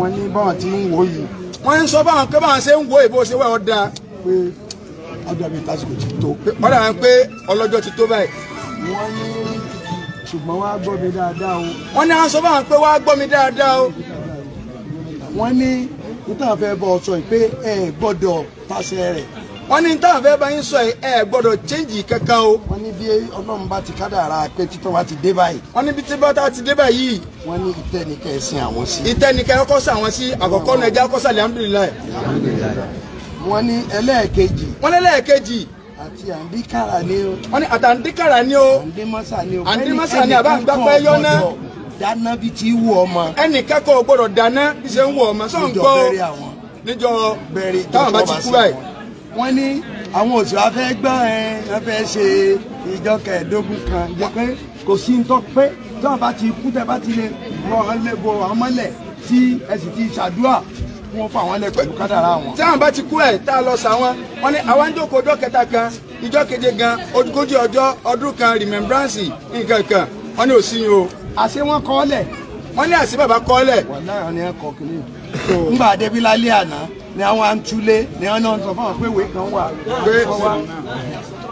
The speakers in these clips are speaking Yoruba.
wọ́n ní báwọn ti ń wò yìí wọ́n ń sọ báwọn pé báwọn ṣe ń wò ìbò ṣe wà ó dáa pé ọjọ́ bíi tásìkò ti tó wọ́n dàbí pé ọlọ́jọ́ ti tó báyìí wọ́n ní ṣùgbọ́n wàá gbọ́ mi dáadáa o wọ́n ní àwọn sọ báwọn pé wàá gbọ́ mi dáadáa o wọ́n ní nítorí àwọn fẹ́ bọ́ ọ sọ pé ẹ gbọ́dọ̀ tàṣẹ rẹ̀ wọ́n ní táwọn fẹ́ bá yín sọ ẹ ẹ gbọ́dọ̀ chẹ́ǹjì kankan o. wọ́n ní bí ọlọ́run bá ti kádàrá pé títọ́ wa ti dé báyìí. wọ́n ní bí títọ́ ta ti dé báyìí. wọ́n ní ìtẹ́nikẹ́ sin àwọn sí. ìtẹ́nikẹ́ kọ́ sí àwọn sí àkọ́kọ́ náà ẹja kọ́ sí alihamudulilayi. wọ́n ní ẹlẹ́ẹ̀kejì. wọ́n ní ẹlẹ́ẹ̀kejì. àti àǹdíkàrà ni o. wọ́n ní àtàǹdíkàrà ni o. àǹdímọ́sà ni o. àǹdímọ́sà ni àbá àgbàpẹ́ yọ́ná dáná bí ti wù ọmọ. ẹnìkẹ́kọ̀ọ́ gbọ́dọ̀ dáná bí ṣe ń wù ọmọ sọ́ǹgbọ́ níjọ bẹ̀rẹ̀ táwọn bá ti kú báyìí wọ́n ní àwọn òṣèlú afẹ́ gbọ́ ẹ wọ́n fẹ́ ṣe ìjọ kẹẹ̀ẹ́dógún kan jẹ pé kò sí ń tọ́ pé tí wọ́n bá ti kú tẹ́ bá ti lè wọ́n lẹ́bọ̀ àwọn mọ́lẹ̀ tí ẹ sì ti ṣàdúrà wọn fún àwọn ẹlẹ pẹ̀lú kádàrá wọn. tí àwọn bá ti kú ẹ tá a lọ sá wọn wọn ní àwa ń jókòó ọjọ́ kẹta kan ìjọ keje gan ogójì ọjọ́ ọdún kan remembrance nǹkan kan wọn ní òsì yìí o. àṣé wọn kọ́ ọ lẹ̀. wọn ní àṣé bàbá kọ́ ọ lẹ̀. wàláyà ni ẹ kọ kiri. ngbà débi lálẹ́ àná ni àwọn àǹtúlé ni wọn náà sọ fún wọn pé ìwé kan wà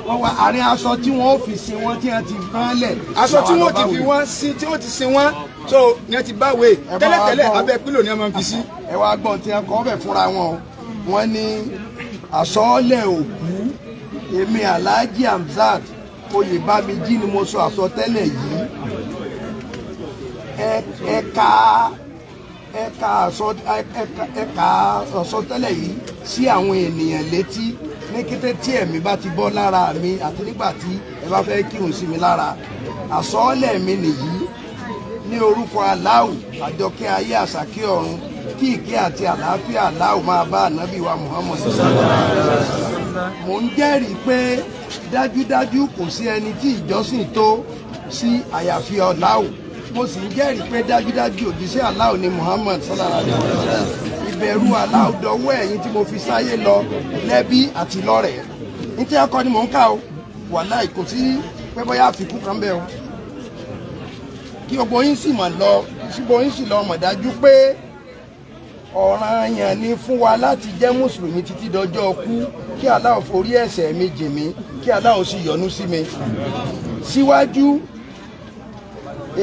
wọ́n wá àárín aṣọ tí wọ́n ó fi sin wọ́n tí wọ́n ti rán lẹ̀. aṣọ tí wọ́n ti fi wọ́n sin tí wọ́n ti sin wọ́n so ni wọ́n ti bá wèé tẹ́lẹ̀tẹ́lẹ̀ abẹ́ pílò ni wọ́n máa fi sí. ẹ wá gbọ́ tí wọn kọ́ ọ́ bẹ̀ fúnra wọn wọ́n ní àsọọ́lẹ̀ òkú èmi Alhaji Hamzat Oyèbámijí ni mo sọ àsọtẹ́lẹ̀ yìí ẹ̀ka. E, e, ẹ̀ka àsọtẹ́lẹ̀ yìí sí àwọn ènìyàn létí ní kété tí ẹ̀mí bá ti bọ́ lára mi àti nígbà tí ẹ bá fẹ́ kírun sí mi lára àsọọ́lẹ̀ mi nìyí ní orúkọ aláwù àjọkẹ́ ayé àsàkẹ́ ọ̀run kí ìkẹ́ àti àlàáfíà aláwù máa bá ànábì wa Muhammad mo ń jẹ́rìí pé dájúdájú kò sí ẹni tí ìjọsìn tó sí àyàfi aláwù mo sì ń jẹ́rìí pé dájúdájú òjíṣẹ́ aláwo ni Muhammad sallallahu alayhi wa sallam ìbẹ̀rù aláwo dọ̀wọ́ ẹ̀yin tí mo fi sáyé lọ lẹ́bí àti lọ́rẹ̀ẹ́ ní tí akọ ni mò ń kà o wàláì kò sí pé bóyá àfikún kan bẹ́ẹ̀ o kí gbogbo yín sì mọ̀ lọ kí gbogbo yín sì lọ mọ̀ dájú pé ọ̀ranyàn ni fún wa láti jẹ́ mùsùlùmí títí dọjọ́ kú kí aláwo forí ẹ̀ṣẹ̀ mi jì mí kí aláwo sì yọ́nú sí mi síwájú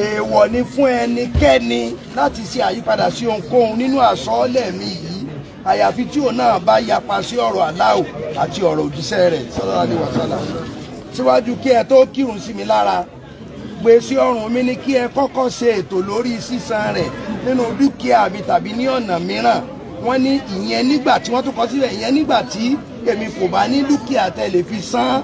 èèwọ̀ ni fún ẹnikẹ́ni láti ṣe àyípadà sí ohunkóhun nínú àsọọ́lẹ̀ mi yìí àyàfi tí òun náà bá yapa sí ọ̀rọ̀ aláwò àti ọ̀rọ̀ òjíṣẹ́ rẹ̀ sallallahu alaihi wasallam síwájú kí ẹ tó kírun sí mi lára gbé sí ọrùn mi ni kí ẹ kọ́kọ́ ṣe ètò lórí sísan rẹ̀ nínú dúkìá mi tàbí ní ọ̀nà mìíràn wọ́n ní ìyẹn nígbà tí wọ́n tún kọ sílẹ̀ ìyẹn nígbà tí èmi kò bá ní dúkìá tẹ́ fi san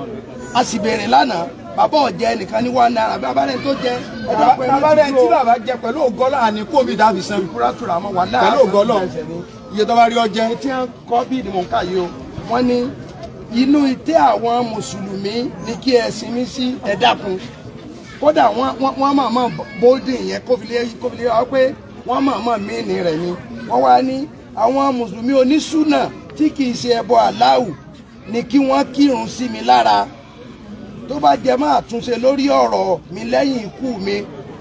á sì béèrè lánàá bàbá ọ̀jẹ́ nìkan ní one naira bí abárẹ̀ tó jẹ ẹ̀dá pẹ̀lú abárẹ̀ tí bàbá jẹ pẹ̀lú ògọ́lá àní kó mi dàbí san ìkúrátùrà mọ́ wà náà pẹ̀lú ògọ́lá iye tó bá rí ọjẹ́. etí ń kọ́ bí ìdìmọ̀ ká yìí o wọ́n ní inú ìtẹ́ àwọn mùsùlùmí ni kí ẹ sinmi sí ẹ dákun kódà wọ́n máa mọ̀ bóódì yẹn kófìlẹ̀ ọ pé wọ́n máa mọ̀ míìnì rẹ̀ ni wọ́n wá ní àwọn mùsùlùmí onísùnà tí kì í ṣe ẹbọ aláwù ni kí wọ́n kírun sí mi lára tó bá jẹ mọ́ àtúnṣe lórí ọ̀rọ̀ mi lẹ́yìn ikú mi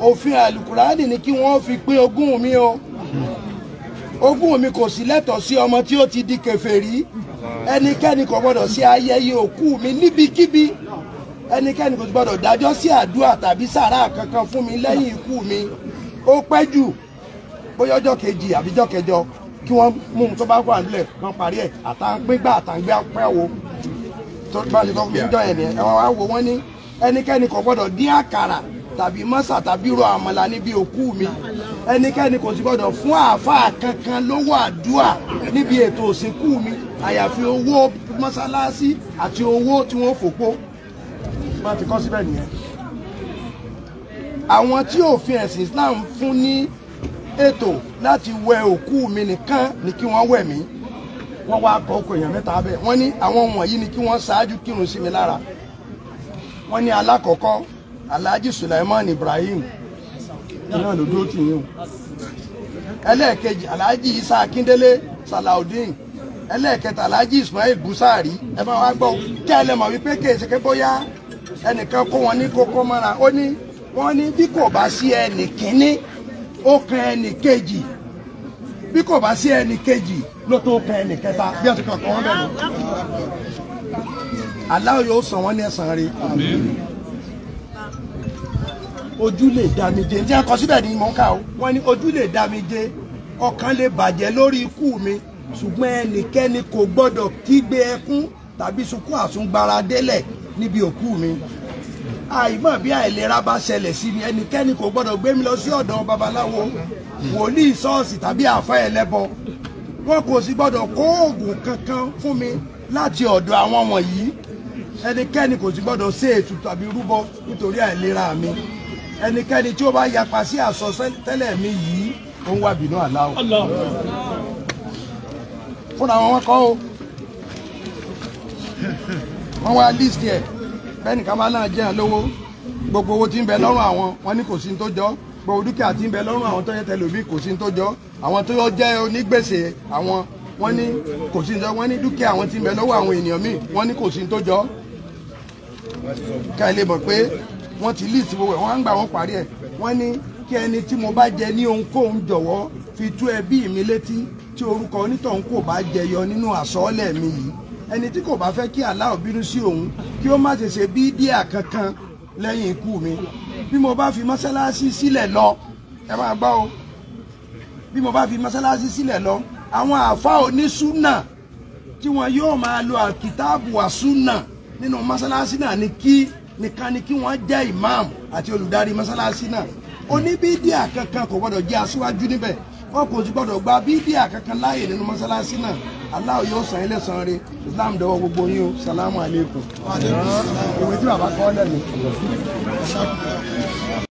òfin àlùkùránì ni kí wọ́n fi pín ogún mi o ogún mi kò sí lẹ́tọ̀ọ́ sí ọmọ tí ó ti di kèfèrí ẹnikẹ́ni kò gbọ́dọ̀ sí ayẹyẹ òkú mi níbikíbi ẹnikẹ́ni kò gbọ́dọ̀ dájọ́ sí àdúrà tàbí sàrà kankan fún mi lẹ́yìn ikú mi ó pẹ́ jù bóyá ọjọ́ kejì àbíjọ́ kẹjọ kí wọ́n mú un tó bá wà nílẹ̀ kan parí ẹ̀ àtàǹgbégbà àtàǹgbé apẹ́ wo báyìí tó fi ń jọ ẹ̀rẹ̀ ẹ̀ wá wò wọ́n ní ẹnikẹ́ni kò gbọ́dọ̀ dín àkàrà tàbí mọ́sà tàbí ro àmàlà níbi òkú mi ẹnikẹ́ni kò sì gbọ́dọ̀ fún àáfàá kankan lówó àdúà níbi ètò òsìnkú mi àyàfi owó mọ́sálásí àti owó tí wọ́n fòpó wọ́n ti kọ́ síbẹ̀ nìyẹn. àwọn tí òfin ẹ̀sìn Islam fún ní ètò láti wẹ òkú mi nìkan ni kí wọ́n wẹ̀ mí wọ́n wá kọ́ ọkọ̀ èèyàn mẹ́ta bẹ́ẹ̀ wọ́n ní àwọn wọ̀nyí ni kí wọ́n ṣáájú kírun sí mi lára wọ́n ní alákọ̀ọ́kọ́ Alhaji Sulaiman Ibrahim náà ló dúró tì yín o ẹlẹ́ẹ̀kejì Alhaji Isa Akindele Salaudeen ẹlẹ́ẹ̀kẹta Alhaji Ismail Busari ẹ máa wá gbọ́ kí ẹ lè mọ̀ wípé kèsì ké bóyá ẹnìkan kó wọn ní kókó mọ́ra ó ní wọ́n ní bí kò bá sí ẹnì kínní ó kan ẹnì kejì bí kò bá sí ẹnì kejì ló tó kan ẹnì kẹta bí ẹ ti kàn kàn wọn bẹ̀rù aláwọ̀ yóò san wọ́n ní ẹ̀san rẹ̀ ojú lè damije ní ẹ̀kọ́ síbẹ̀ ní mọ̀ ká o wọ́n ní ojú lè damije ọkàn lè bàjẹ́ lórí ikú mi ṣùgbọ́n ẹnikẹ́ni kò gbọ́dọ̀ kígbe ẹkún tàbí sunkún àsungbara délẹ̀ níbi òkú mi àìmọ̀ bí àìlera bá ṣẹlẹ̀ sí mi ẹnikẹ́ni kò gbọ́dọ̀ gbé mi lọ sí ọ̀dọ̀ babaláwo wòlíì ṣọ́ọ̀ṣì tàbí àfa ẹlẹ́bọ wọn kò sì gbọ́dọ̀ kó oògùn kankan fún mi láti ọ̀dọ̀ àwọn wọ̀nyí ẹnikẹ́ni kò sì gbọ́dọ̀ ṣe ètùtù tàbí rúbọ nítorí àìlera mi ẹnikẹ́ni tí ó bá yapa sí àsọtẹ́lẹ̀ mi yìí ó ń wá bínú àláwọ̀ fúnra wọn kọ́ o wọ́n wá list yẹn bẹ́ẹ̀ni ká máa náà jẹ́ ẹ lówó gbogbo owó tí ń bẹ lọ́rùn àwọn wọn ní kò sí tó jọ gbogbo dúkìá tí ń bẹ lọ́rùn àwọn tó yẹ tẹlómi kò sí tó jọ àwọn tó jẹ́ onígbèsè àwọn wọn ní kò sí tó jọ wọn ní dúkìá àwọn tí ń bẹ lọ́wọ́ àwọn ènìyàn míì wọn ní kò sí tó jọ ká ẹ lè mọ̀ pé wọ́n ti list gbogbo ẹ̀ wọ́n á ń gbà wọ́n parí ẹ̀ wọ́n ní kí ẹni tí mo bá jẹ ní ohunkóhun jọ̀wọ́ fi tú ẹbí mi létí tí orúkọ onítọ̀hún kò bá jẹyọ nínú àsọọ́lẹ̀ mi yìí ẹni tí kò bá fẹ́ kí Allah bínú sí òun kí ó má ṣe ṣe bídíà kankan lẹ́yìn ikú mi bí mo bá fi mọ́sálásí sílẹ̀ lọ ẹ máa gbọ́ o bí mo bá fi mọ́sálásí sílẹ̀ lọ àwọn àfa onísúnà tí wọn yóò máa lo àkìtáàbù àsúnà nínú mọ́sálásí náà ni kí nìkan ni kí wọ́n jẹ́ imam àti olùdarí mọ́sálásí náà oníbídíà kankan kò gbọdọ̀ jẹ́ aṣíwájú níbẹ̀ wọn kò sì gbọdọ̀ gba bídíà kankan láàyè nínú mọ́ṣáláṣí náà aláwọ̀ yóò sàn ilé san re islam dọwọ́ gbogbo yín o salamu aleykum. ìwé tí bàbá kọ́